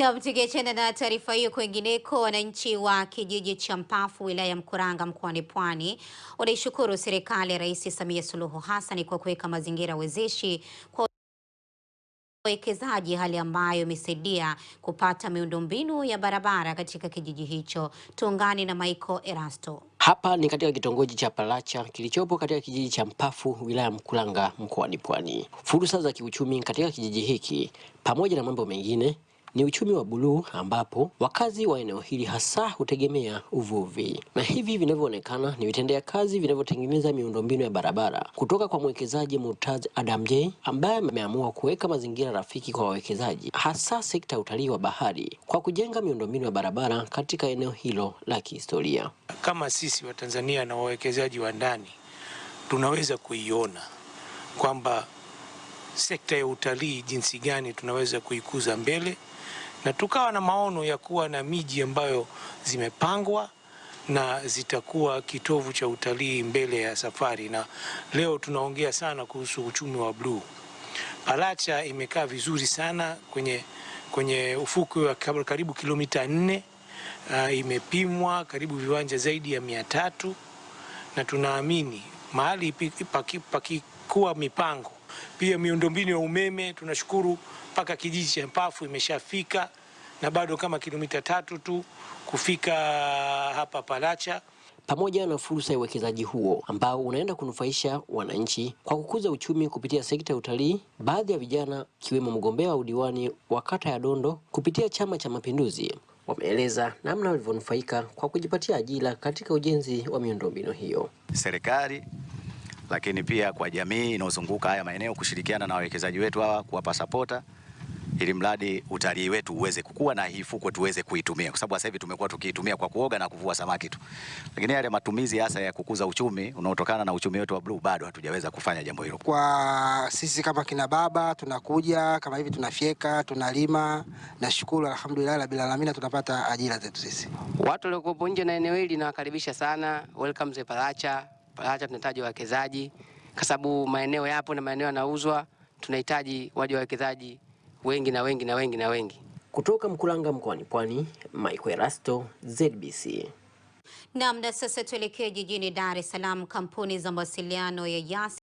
Na tukiachana na taarifa hiyo, kwingineko, wananchi wa kijiji cha Mpafu wilaya ya Mkuranga mkoani Pwani wanaishukuru serikali ya Rais Samia Suluhu Hassan kwa kuweka mazingira wezeshi kwa wekezaji hali ambayo imesaidia kupata miundombinu ya barabara katika kijiji hicho. Tuungane na Michael Erasto. Hapa ni katika kitongoji cha Palacha kilichopo katika kijiji cha Mpafu wilaya ya Mkuranga mkoani Pwani. Fursa za kiuchumi katika kijiji hiki pamoja na mambo mengine ni uchumi wa buluu ambapo wakazi wa eneo hili hasa hutegemea uvuvi, na hivi vinavyoonekana ni vitendea kazi vinavyotengeneza miundombinu ya barabara kutoka kwa mwekezaji Murtaz Adamje ambaye ameamua kuweka mazingira rafiki kwa wawekezaji, hasa sekta ya utalii wa bahari kwa kujenga miundombinu ya barabara katika eneo hilo la kihistoria. Kama sisi Watanzania na wawekezaji wa ndani tunaweza kuiona kwamba sekta ya utalii jinsi gani tunaweza kuikuza mbele, na tukawa na maono ya kuwa na miji ambayo zimepangwa na zitakuwa kitovu cha utalii mbele ya safari. Na leo tunaongea sana kuhusu uchumi wa bluu. Palacha imekaa vizuri sana kwenye, kwenye ufukwe wa karibu kilomita nne. Uh, imepimwa karibu viwanja zaidi ya mia tatu na tunaamini mahali pakikuwa mipango pia miundombinu ya umeme tunashukuru mpaka kijiji cha Mpafu imeshafika na bado kama kilomita tatu tu kufika hapa Palacha. Pamoja na fursa ya uwekezaji huo ambao unaenda kunufaisha wananchi kwa kukuza uchumi kupitia sekta ya utalii, baadhi ya vijana ikiwemo mgombea wa udiwani wa kata ya Dondo kupitia Chama cha Mapinduzi wameeleza namna walivyonufaika kwa kujipatia ajira katika ujenzi wa miundombinu hiyo. Serikali lakini pia kwa jamii inayozunguka haya maeneo kushirikiana na wawekezaji wetu hawa kuwapa sapota ili mradi utalii wetu uweze kukua na hii fukwe tuweze kuitumia, kwa sababu sasa hivi tumekuwa tukiitumia kwa kuoga na kuvua samaki tu, lakini yale matumizi hasa ya kukuza uchumi unaotokana na uchumi wetu wa bluu bado hatujaweza kufanya jambo hilo. Kwa sisi kama kina baba, tunakuja kama hivi, tunafyeka, tunalima. Nashukuru, alhamdulillah, la bila lamina, tunapata ajira zetu sisi. Watu waliokuwa nje na eneo hili nawakaribisha sana, welcome Zepalacha acha tunahitaji wawekezaji kwa sababu maeneo yapo na maeneo yanauzwa, tunahitaji waje wawekezaji wengi na wengi na wengi na wengi. Kutoka Mkuranga mkoani Pwani, Mike Erasto, ZBC. Naam, na sasa tuelekee jijini Dar es Salaam. Kampuni za mawasiliano ya Yas